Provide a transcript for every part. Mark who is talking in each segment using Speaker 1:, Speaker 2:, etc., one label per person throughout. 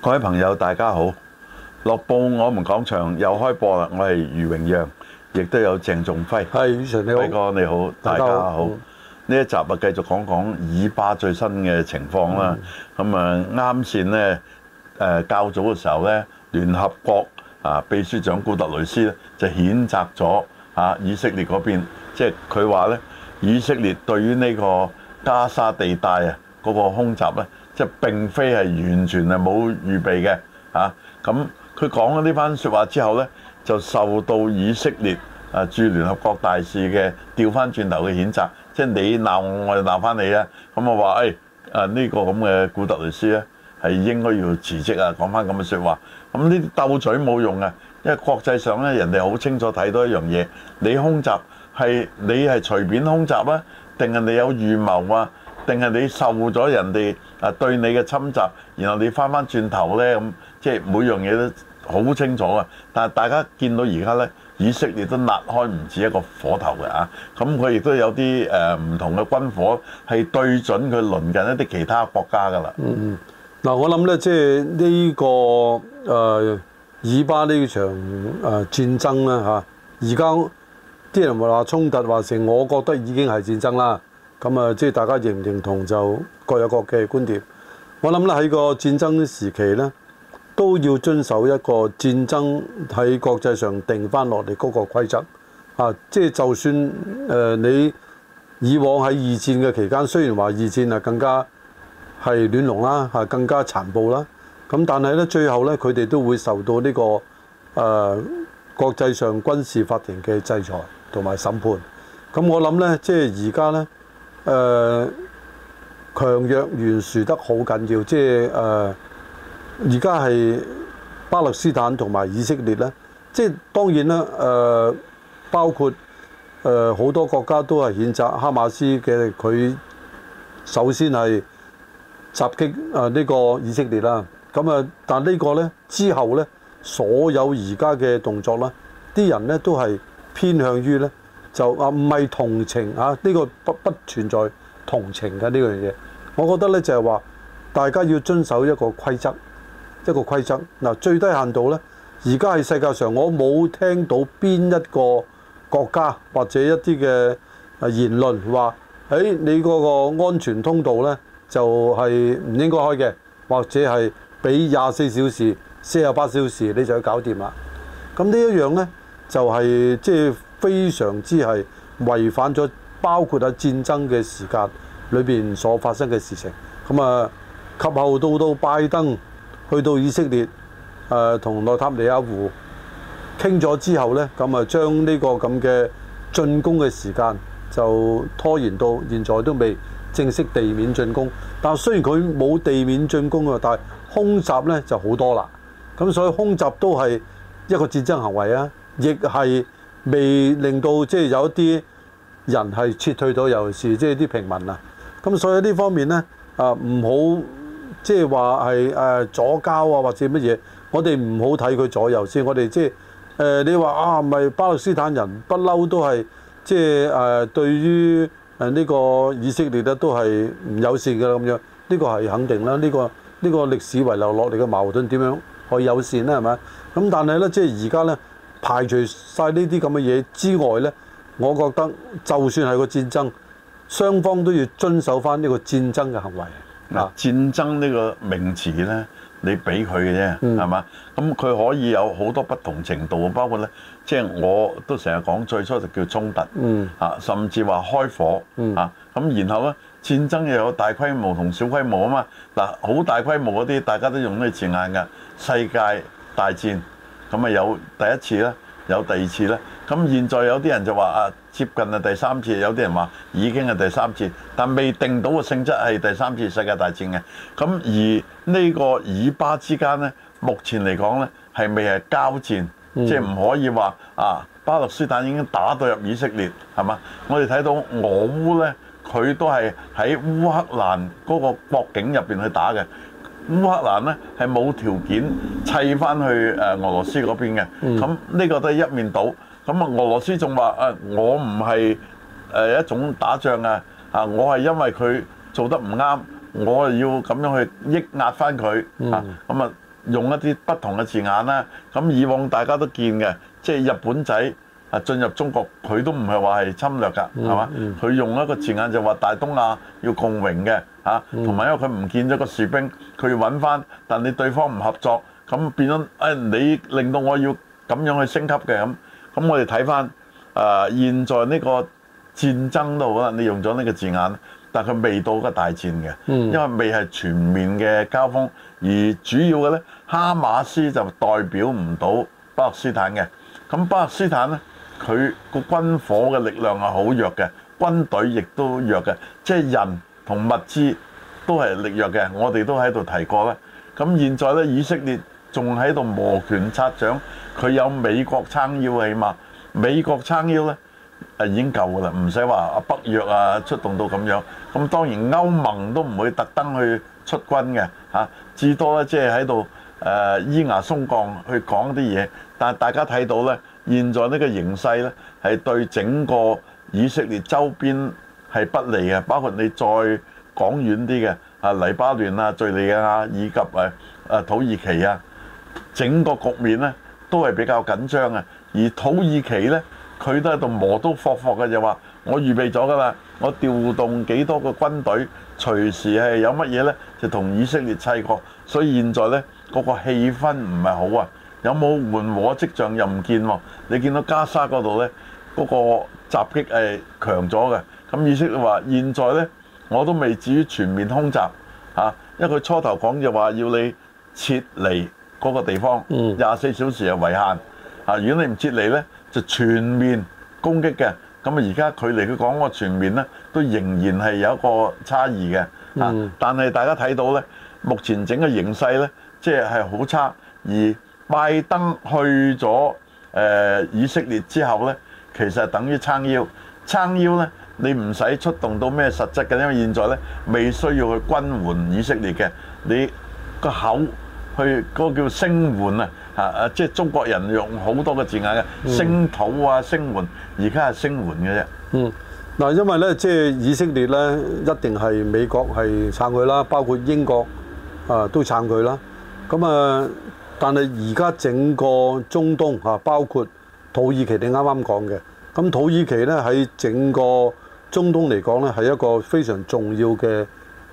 Speaker 1: 各位朋友，大家好！《樂報》我們講場又開播啦！我係余榮讓，亦都有鄭仲輝。係，你好，輝哥你好，大家好。呢一集啊，繼續講講以巴最新嘅情況啦。咁、嗯、啊，啱先呢誒，較早嘅時候呢，聯合國啊，秘書長古特雷斯咧就譴責咗啊，以色列嗰邊，即係佢話呢，以色列對於呢個加沙地帶啊，嗰個空襲呢。即係並非係完全係冇預備嘅，啊咁佢講咗呢番説話之後咧，就受到以色列啊駐聯合國大使嘅調翻轉頭嘅譴責，即係你鬧我，我就鬧翻你啊！咁啊話誒啊呢個咁嘅古特雷斯咧係應該要辭職啊，講翻咁嘅説話，咁呢啲鬥嘴冇用啊，因為國際上咧人哋好清楚睇到一樣嘢，你空襲係你係隨便空襲啊，定係你有預謀啊，定係你受咗人哋？啊，對你嘅侵襲，然後你翻翻轉頭咧咁，即係每樣嘢都好清楚啊！但係大家見到而家咧，以色列都辣開唔止一個火頭嘅啊！咁佢亦都有啲誒唔同嘅軍火係對準佢鄰近一啲其他國家噶啦。
Speaker 2: 嗯嗯。嗱、這個，我諗咧，即係呢個誒以巴呢場誒戰爭咧嚇，而家啲人話衝突話成，我覺得已經係戰爭啦。咁啊，即係大家認唔認同就？各有各嘅觀點，我諗咧喺個戰爭時期呢，都要遵守一個戰爭喺國際上定翻落嚟嗰個規則啊！即係就算誒你以往喺二戰嘅期間，雖然話二戰啊更加係亂龍啦，嚇更加殘暴啦，咁但係呢最後呢，佢哋都會受到呢個誒國際上軍事法庭嘅制裁同埋審判。咁我諗呢，即係而家呢。誒。強弱懸殊得好緊要，即係誒而家係巴勒斯坦同埋以色列咧，即、就、係、是、當然啦，誒、呃，包括誒好、呃、多國家都係譴責哈馬斯嘅。佢首先係襲擊誒呢、呃呢個以色列啦，咁啊，但係呢個咧之後咧，所有而家嘅動作啦，啲人咧都係偏向於咧就啊唔係同情嚇，呢、啊呢個不不存在同情嘅呢樣嘢。呢個我覺得咧就係話，大家要遵守一個規則，一個規則嗱最低限度呢，而家喺世界上我冇聽到邊一個國家或者一啲嘅言論話，誒、哎、你嗰個安全通道呢，就係唔應該開嘅，或者係俾廿四小時、四十八小時你就要搞掂啦。咁呢一樣呢，就係即係非常之係違反咗，包括喺戰爭嘅時間。裏面所發生嘅事情，那麼，咁啊及後到到拜登去到以色列，誒、呃、同內塔尼亞胡傾咗之後呢，咁啊將呢個咁嘅進攻嘅時間就拖延到現在都未正式地面進攻。但雖然佢冇地面進攻啊，但係空襲呢就好多啦。咁所以空襲都係一個戰爭行為啊，亦係未令到即係有一啲人係撤退到，尤其是即係啲平民啊。咁所以呢方面呢，啊唔好即係話係誒左膠啊，或者乜嘢？我哋唔好睇佢左右先。我哋即係誒你話啊，係咪巴勒斯坦人不嬲都係即係誒對於誒呢個以色列咧都係唔友善嘅咁樣，呢個係肯定啦。呢個呢個歷史遺留落嚟嘅矛盾點樣可以友善呢？係咪咁。但係呢，即係而家呢，排除晒呢啲咁嘅嘢之外呢，我覺得就算係個戰爭。雙方都要遵守翻呢個戰爭嘅行為。嗱，戰爭
Speaker 1: 呢個名詞呢，你俾佢嘅啫，嗯，係嘛？咁佢可以有好多不同程度，包括呢，即係我都成日講最初就叫衝突，嗯，啊，甚至話開火，啊，咁然後呢，戰爭又有大規模同小規模啊嘛。嗱，好大規模嗰啲，大家都用呢個字眼嘅。世界大戰，咁啊有第一次啦。有第二次呢，咁現在有啲人就話啊接近係第三次，有啲人話已經係第三次，但未定到嘅性質係第三次世界大戰嘅。咁而呢個以巴之間呢，目前嚟講呢，係未係交戰，即係唔可以話啊巴勒斯坦已經打到入以色列，係嘛？我哋睇到俄烏呢，佢都係喺烏克蘭嗰個國境入邊去打嘅。烏克蘭呢係冇條件砌翻去誒俄羅斯嗰邊嘅，咁呢個都係一面倒。咁啊，俄羅斯仲話誒，我唔係誒一種打仗啊，啊，我係因為佢做得唔啱，我係要咁樣去抑壓翻佢、嗯、啊，咁啊，用一啲不同嘅字眼啦。咁以往大家都見嘅，即係日本仔。啊！進入中國，佢都唔係話係侵略㗎，係嘛？佢用一個字眼就話大東亞要共榮嘅嚇，啊，同埋，Mm-hmm. 因為佢唔見咗個士兵，佢要揾翻。但你對方唔合作，咁變咗誒、哎，你令到我要咁樣去升級嘅咁。咁我哋睇翻誒現在呢個戰爭度啦，你用咗呢個字眼，但佢未到嗰個大戰嘅，因為未係全面嘅交鋒。而主要嘅呢，哈馬斯就代表唔到巴勒斯坦嘅。咁巴勒斯坦呢。佢個軍火嘅力量係好弱嘅，軍隊亦都弱嘅，即係人同物資都係力弱嘅。我哋都喺度提過啦。咁現在咧，以色列仲喺度摩拳擦掌，佢有美國撐腰，起碼美國撐腰咧，誒已經夠噶啦，唔使話阿北約啊出動到咁樣。咁當然歐盟都唔會特登去出軍嘅，嚇，至多咧即係喺度誒依牙鬆槓去講啲嘢。但係大家睇到咧。現在呢個形勢呢，係對整個以色列周邊係不利嘅，包括你再講遠啲嘅啊，黎巴嫩啊、敍利亞、啊、以及誒土耳其啊，整個局面呢都係比較緊張啊。而土耳其呢，佢都喺度磨刀霍霍嘅，就話我預備咗㗎喇，我調動幾多個軍隊，隨時係有乜嘢呢就同以色列砌過。所以現在呢，嗰個氣氛唔係好啊。有冇緩和跡象又唔見喎？你見到加沙嗰度呢，嗰個襲擊係強咗嘅，咁意思話現在呢，我都未至於全面空襲嚇，因為佢初頭講就話要你撤離嗰個地方，廿四小時係為限。啊，如果你唔撤離呢，就全面攻擊嘅。咁啊，而家距離佢講個全面呢，都仍然係有一個差異嘅。但係大家睇到呢，目前整個形勢呢，即係係好差而。拜登去咗誒以色列之後咧，其實等於撐腰，撐腰咧你唔使出動到咩實質嘅，因為現在咧未需要去軍援以色列嘅，你個口去嗰個叫聲援啊嚇啊，即係中國人用好多個字眼嘅聲討啊聲援，而家係聲援嘅啫。
Speaker 2: 嗯，嗱，因為咧即係以色列咧一定係美國係撐佢啦，包括英國啊都撐佢啦，咁啊。但係而家整個中東啊，包括土耳其你啱啱講嘅，咁土耳其呢喺整個中東嚟講呢係一個非常重要嘅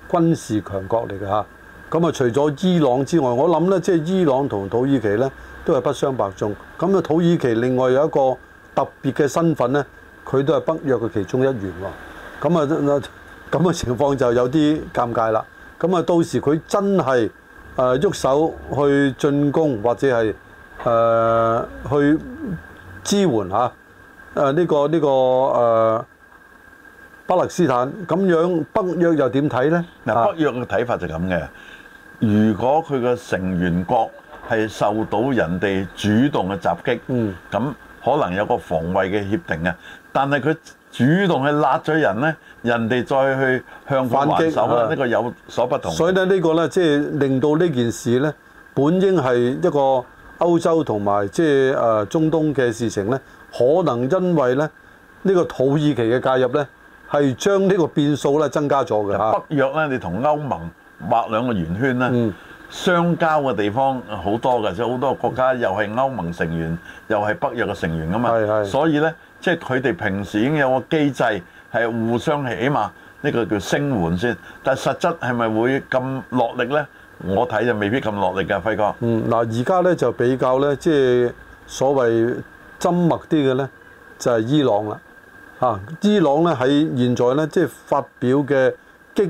Speaker 2: 軍事強國嚟嘅嚇。咁啊，除咗伊朗之外，我諗呢即係、就是、伊朗同土耳其呢都係不相伯仲。咁啊，土耳其另外有一個特別嘅身份呢，佢都係北約嘅其中一員喎。咁啊，咁嘅情況就有啲尷尬啦。咁啊，到時佢真係～誒喐手去進攻或者係誒，呃、去支援嚇誒呢個呢個誒巴勒斯坦，咁樣北約又點睇呢？嗱，北約嘅睇法就咁嘅。
Speaker 1: 如果佢嘅成員國係受到人哋主動嘅襲擊，嗯，咁可能有個防衛嘅協定啊，但係佢。主動去揦咗人呢，人哋再去向反擊手呢、呢個有所不同。所以
Speaker 2: 呢個呢，即係令到呢件事呢，本應係一個歐洲同埋即係中東嘅事情呢，可能因為呢，呢、呢個土耳其嘅介入呢，係將呢個變數呢增加咗嘅。北約呢，你同歐盟畫兩個圓
Speaker 1: 圈呢，嗯、相交嘅地方好多嘅，即係好多國家又係歐盟成員，嗯、又係北約嘅成員啊嘛。所以呢。即係佢哋平時已經有個機制係互相起碼呢個叫聲援先，但係實質係咪會咁落力呢？我睇就未必咁落力㗎，輝哥。
Speaker 2: 嗯，嗱而家呢就比較呢，即係所謂針密啲嘅呢，就係、是、伊朗啦。嚇、啊，伊朗呢喺現在呢，即係發表嘅激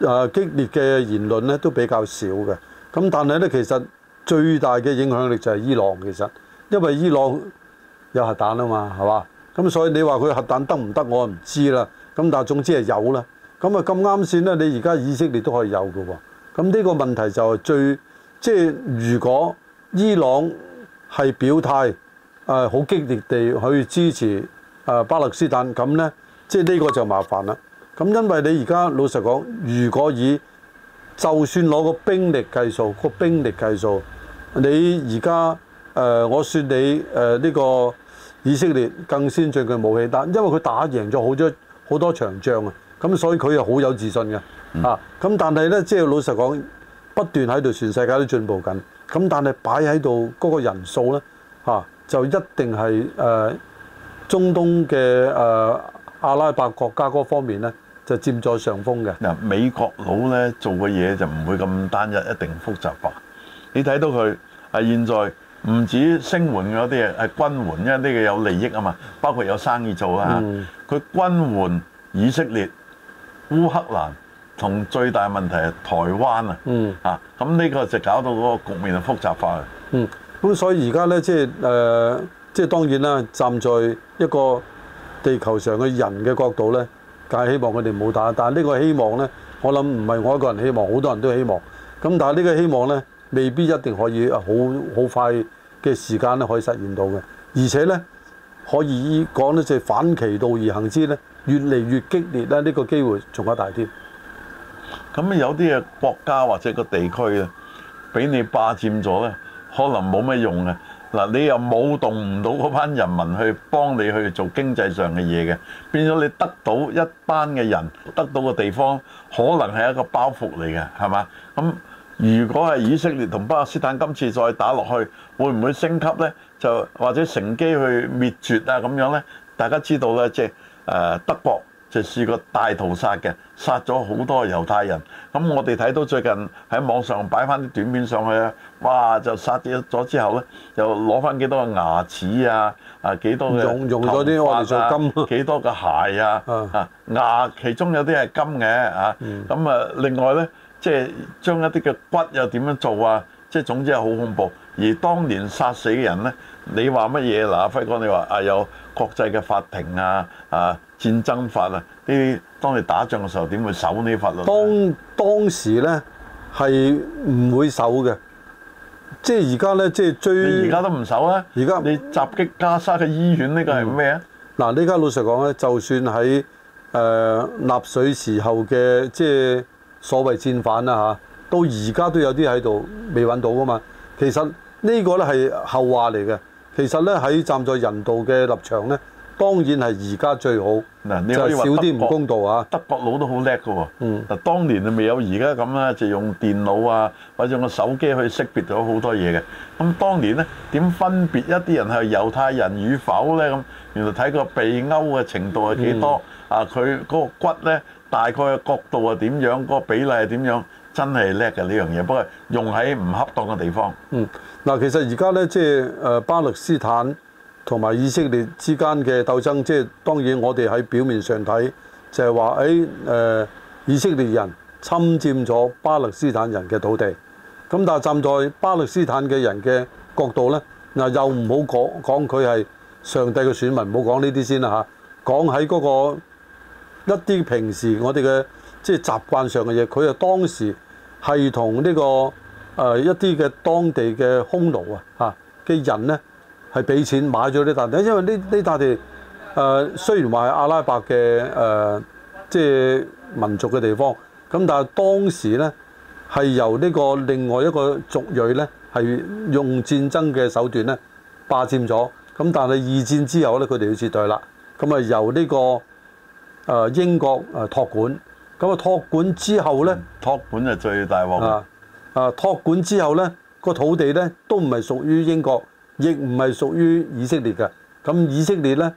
Speaker 2: 啊、呃、激烈嘅言論呢，都比較少嘅。咁但係呢，其實最大嘅影響力就係伊朗其實，因為伊朗。有核彈啊嘛，係嘛？咁所以你話佢核彈得唔得，我唔知啦。咁但係總之係有啦。咁啊咁啱先咧，你而家以色列都可以有嘅喎、啊。咁呢個問題就係最即係如果伊朗係表態誒好激烈地去支持誒巴勒斯坦，咁、呃、呢，即係呢個就麻煩啦。咁因為你而家老實講，如果以就算攞個兵力計數，個兵力計數，你而家誒我算你誒呢、呃這個。以色列更先進嘅武器，但因為佢打贏咗好多好多場仗啊，咁所以佢又好有自信嘅、嗯、啊。咁但係呢，即係老實講，不斷喺度，全世界都進步緊。咁但係擺喺度嗰個人數呢，嚇、啊、就一定係誒、呃、中東嘅誒、呃、阿拉伯國家嗰方面呢，就佔咗上風嘅。
Speaker 1: 嗱，美國佬呢，做嘅嘢就唔會咁單一，一定複雜化。你睇到佢啊，現在。唔止聲援嗰啲啊，係軍援，因為呢個有利益啊嘛，包括有生意做啊佢、嗯、軍援以色列、烏克蘭，同最大問題係台灣、嗯、啊嚇。咁呢個就搞到嗰個局面啊複雜化。嗯，
Speaker 2: 咁所以而家咧，即係誒，即、呃、係、即係、當然啦，站在一個地球上嘅人嘅角度咧，梗係希望佢哋冇打。但係呢個希望咧，我諗唔係我一個人希望，好多人都希望。咁但係呢個希望咧。未必一定可以好好快嘅時間咧，可以實現到嘅，而且呢，可以講咧就反其道而行之呢，越嚟越激烈啦！呢個機會仲加大添。咁有啲嘢國家或者
Speaker 1: 個地區啊，俾你霸佔咗咧，可能冇咩用嘅。嗱，你又冇動唔到嗰班人民去幫你去做經濟上嘅嘢嘅，變咗你得到一班嘅人得到嘅地方，可能係一個包袱嚟嘅，係嘛？咁。如果係以色列同巴勒斯坦今次再打落去，會唔會升級呢？就或者乘機去滅絕啊咁樣呢，大家知道啦，即係、呃、德國就試過大屠殺嘅，殺咗好多猶太人。咁我哋睇到最近喺網上擺翻啲短片上去啊，哇！就殺咗之後呢，又攞翻幾多個牙齒啊，啊幾多嘅用用咗啲我哋做金幾、啊、多個鞋啊，啊牙，其中有啲係金嘅啊。咁、嗯、啊，另外呢。即、就、係、是、將一啲嘅骨又點樣做啊！即、就、係、是、總之係好恐怖。而當年殺死嘅人咧、啊，你話乜嘢嗱？阿輝哥，你話啊，有國際嘅法庭啊，啊戰爭法啊，呢
Speaker 2: 啲當你打仗嘅時候點會守呢啲法律、啊？當當時咧係唔會守嘅，即係而家咧即係追。而家都唔守啊！而家你襲擊加沙嘅醫院呢個係咩啊？嗱、嗯，而家老實講咧，就算喺誒、呃、納粹時候嘅即係。所謂戰犯啦、啊、嚇，到而家都有啲喺度未揾到噶嘛。其實呢個咧係後話嚟嘅。其實咧喺站在人道嘅立場咧，當然係而家最好。嗱，你可以話，少啲唔公道、啊、德國佬都好叻嘅喎。嗯。嗱，當年啊未有而家咁啦，就用電腦
Speaker 1: 啊或者用個手機去識別咗好多嘢嘅。咁當年咧點分別一啲人係猶太人與否咧咁？原來睇個鼻鈎嘅程度係幾多、嗯、啊？佢嗰個骨咧。大概嘅角度係點樣，嗰個比例係點樣？真係叻嘅呢
Speaker 2: 樣嘢，不過用喺唔恰當嘅地方。嗯，嗱，其實而家呢，即係巴勒斯坦同埋以色列之間嘅鬥爭，即係當然我哋喺表面上睇就係話，誒誒以色列人侵佔咗巴勒斯坦人嘅土地。咁但係站在巴勒斯坦嘅人嘅角度呢，嗱又唔好講講佢係上帝嘅選民，唔好講呢啲先啦嚇。講喺嗰個。一啲平時我哋嘅即係習慣上嘅嘢，佢啊當時係同呢個誒一啲嘅當地嘅匈奴啊嚇嘅人呢，係俾錢買咗呢笪土地，因為呢呢笪地誒雖然話係阿拉伯嘅誒即係民族嘅地方，咁但係當時呢，係由呢個另外一個族裔呢，係用戰爭嘅手段咧霸佔咗，咁但係二戰之後呢，佢哋要撤退啦，咁啊由呢個。誒、啊、英國誒託管，咁啊託管之後呢，託管係最大鑊啊！誒、啊、託管之後呢，個土地呢都唔係屬於英國，亦唔係屬於以色列嘅。咁以色列呢，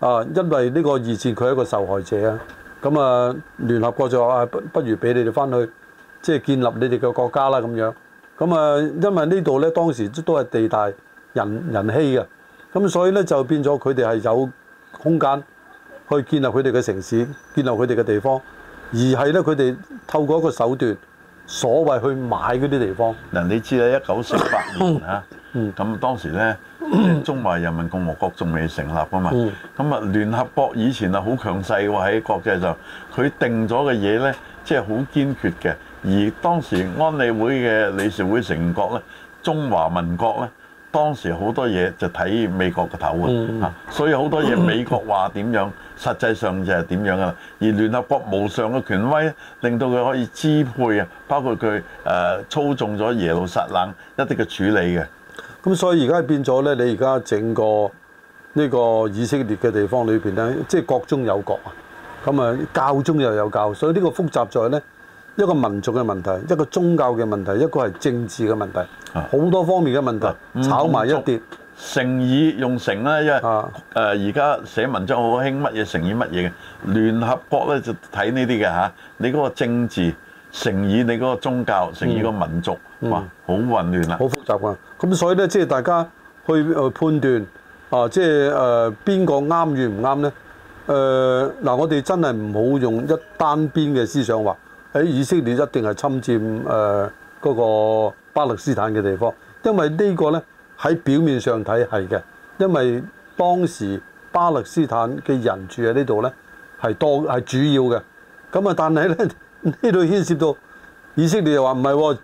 Speaker 2: 啊因為呢個以前佢係一個受害者啊。咁啊，聯合國就話不、啊、不如俾你哋翻去，即、就、係、是、建立你哋嘅國家啦咁樣。咁啊，因為這裡呢度呢當時都都係地大人人稀嘅，咁所以呢就變咗佢哋係有空間。去建立佢哋嘅城市，建立佢哋嘅地方，而係咧佢哋透過一個手段，所謂去買嗰啲地方。嗱，你知啦，一九四八年啊，嗯，咁當時咧，
Speaker 1: 中華人民共和國仲未成立啊嘛，咁啊聯合國以前啊好強勢喎喺國際上，佢定咗嘅嘢咧，即係好堅決嘅。而當時安理會嘅理事會成員國咧，中華民國咧，當時好多嘢就睇美國嘅頭啊， 所以好多嘢美國話點樣。實際上就係點樣啊？而聯合國無上嘅權威令到佢可以支配啊，包括佢誒
Speaker 2: 操縱咗耶路撒冷一啲嘅處理嘅。咁所以而家變咗咧，你而家整個呢個以色列嘅地方裏邊咧，即係國中有國啊。咁啊，教中又有教，所以呢個複雜在呢，一個民族嘅問題，一個宗教嘅問題，一個係政治嘅問題，好，啊，多方面嘅問題炒埋，啊，一碟。成
Speaker 1: 語用成咧，因為誒而家寫文章好興乜嘢成語乜嘢嘅，聯合國咧就睇呢啲嘅嚇。你嗰個政治成語，你嗰個宗教成語，個民族哇，好混亂啦、啊嗯。好、嗯、複雜㗎。
Speaker 2: 咁所以咧，即係大家去去判斷啊、呃，即係誒邊個啱與唔啱咧？誒、呃、嗱，我哋真係唔好用一單邊嘅思想話喺以色列一定係侵佔誒嗰、呃那個巴勒斯坦嘅地方，因為這個呢個咧。喺表面上睇係嘅，因為當時巴勒斯坦嘅人住喺呢度咧，係多係主要嘅。咁啊，但係咧，呢度牽涉到以色列又話唔係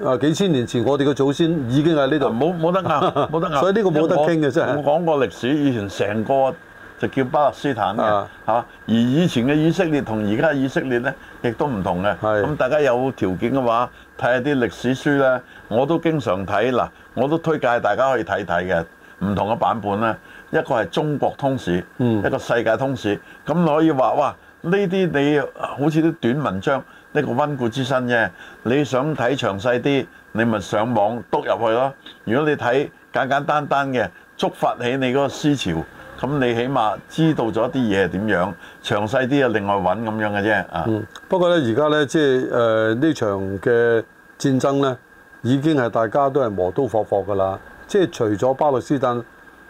Speaker 2: 喎，幾千年前我哋嘅祖先已經喺呢度，冇冇得拗，冇 得拗。所以呢個冇得傾嘅啫。我
Speaker 1: 講過歷史，以前成個就叫巴勒斯坦啊，啊，嚇。而以前嘅以色列同而家以色列咧。亦都唔同嘅，咁大家有條件嘅話，睇下啲歷史書咧，我都經常睇，嗱，我都推介大家可以睇睇嘅，唔同嘅版本咧，一個係中國通史，一個世界通史，咁可以話哇，呢啲你好似啲短文章，一個溫故知新啫，你想睇詳細啲，你咪上網篤入去咯，如果你睇簡簡單單嘅，觸發起你嗰個思潮。咁你起碼知道咗啲嘢係點樣，詳細啲啊，另外揾咁樣嘅啫啊、嗯。
Speaker 2: 不過呢，而家呢，即係、呃、呢場嘅戰爭呢，已經係大家都係磨刀霍霍噶啦。即係除咗巴勒斯坦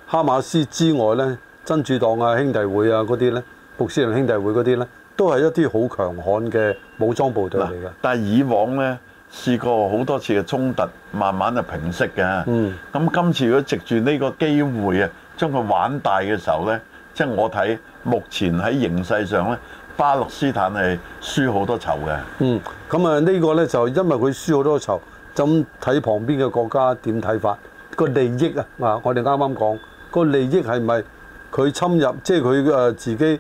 Speaker 2: 哈馬斯之外呢，真主黨啊、兄弟會啊嗰啲呢，穆斯林兄弟會嗰啲呢，都係一啲好強悍嘅武裝部隊嚟㗎。但係以往呢，試過
Speaker 1: 好多次嘅衝突，慢慢就平息嘅。咁、嗯、今次如果藉住呢個機會啊～將佢玩大嘅時候呢，即係我睇目前喺形勢上呢，
Speaker 2: 巴勒斯坦係輸好多籌嘅。嗯，咁啊呢個呢，就因為佢輸好多籌，就咁睇旁邊嘅國家點睇法個利益啊啊！我哋啱啱講個利益係咪佢侵入，即係佢誒自己誒、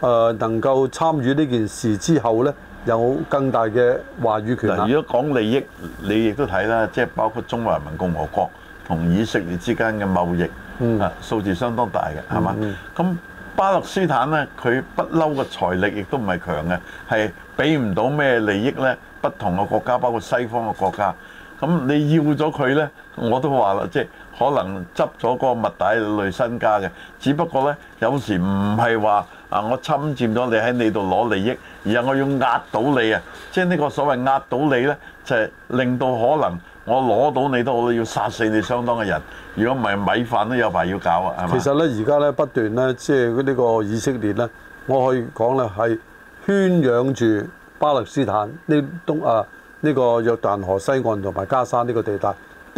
Speaker 2: 呃、能夠參與呢件事之後呢，有更大嘅話語權！如果講利益，
Speaker 1: 你亦都睇啦，即係包括中華人民共和國同以色列之間嘅貿易。嗯啊，數字相當大嘅，係嘛？咁、嗯、巴勒斯坦呢，佢不嬲嘅財力亦都唔係強嘅，係俾唔到咩利益呢？不同嘅國家，包括西方嘅國家，咁你要咗佢呢，我都話啦，即係可能執咗個物大類身家嘅。只不過呢，有時唔係話啊，我侵占咗你喺你度攞利益，而係我要壓倒你啊！即係呢個所謂壓倒你呢，就係、是、令到可能。我攞到你都好，要殺死你相當嘅人。如果唔係，米飯都有排要
Speaker 2: 搞啊，係嘛？其實咧，而家咧不斷咧，即係呢個以色列咧，我可以講咧係圈養住巴勒斯坦呢東、呢個、啊呢、呢個約旦河西岸同埋加沙呢個地帶。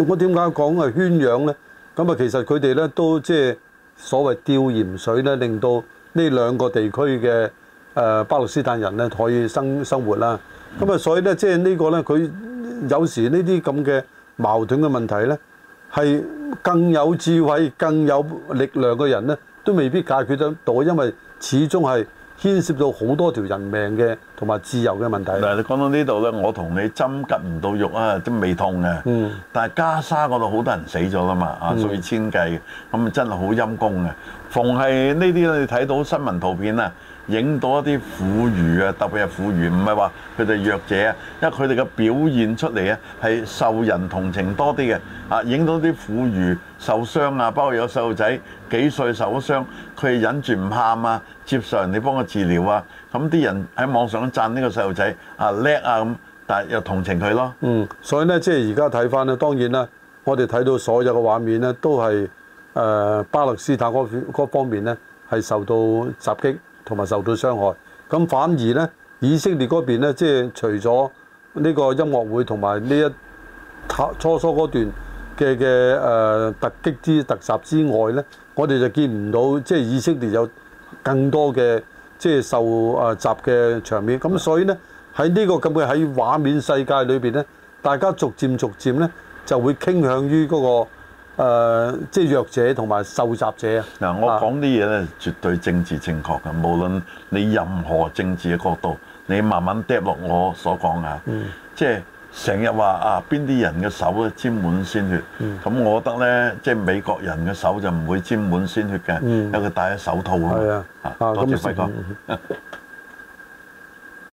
Speaker 2: 我點解講係圈養咧？咁啊，其實佢哋咧都即係所謂吊鹽水咧，令到呢兩個地區嘅誒、呃、巴勒斯坦人咧可以生生活啦。咁啊，所以咧即係呢、就是、個咧佢。有時呢啲咁嘅矛盾嘅問題呢，係更有智慧、更有力量嘅人呢，都未必解決得到，因為始終係牽涉到好多條人命嘅同埋自由嘅問題。嗱，你講到呢度呢，我同你針吉唔到肉啊，
Speaker 1: 都未痛啊。嗯。但係加沙嗰度好多人死咗啦嘛，啊，數以千計咁、嗯、真係好陰功嘅。逢係呢啲你睇到新聞圖片啊。影到一啲婦孺啊，特別係婦孺，唔係話佢哋弱者啊，因為佢哋嘅表現出嚟啊係受人同情多啲嘅啊。影到啲婦孺受傷啊，包括有細路仔幾歲受咗傷，佢係忍住唔喊啊，接受人哋幫佢治療啊。咁啲人喺網上都讚呢個細路仔啊叻啊咁，但係又同情佢咯。嗯，
Speaker 2: 所以呢，即係而家睇翻呢，當然啦，我哋睇到所有嘅畫面呢，都係誒巴勒斯坦嗰方面呢，係受到襲擊。同埋受到傷害，咁反而呢，以色列嗰邊咧，即係除咗呢個音樂會同埋呢一初初嗰段嘅嘅誒突擊之突襲之外咧，我哋就見唔到即係以色列有更多嘅即係受誒襲嘅場面。咁所以呢，喺呢個咁嘅喺畫面世界裏邊咧，大家逐漸逐漸咧就會傾向於嗰個。誒、呃，即係弱者同埋受襲者啊！嗱，我講啲
Speaker 1: 嘢咧，絕對政治正確嘅、啊。無論你任何政治嘅角度，你慢慢揼落我所講、嗯、啊。即係成日話啊，邊啲人嘅手咧沾滿鮮血？咁、嗯、我覺得咧，即係美國人嘅手就唔會沾滿鮮血嘅，因、嗯、為佢戴咗手套啊嘛。啊、嗯，多謝輝、啊嗯、哥。
Speaker 2: 嗯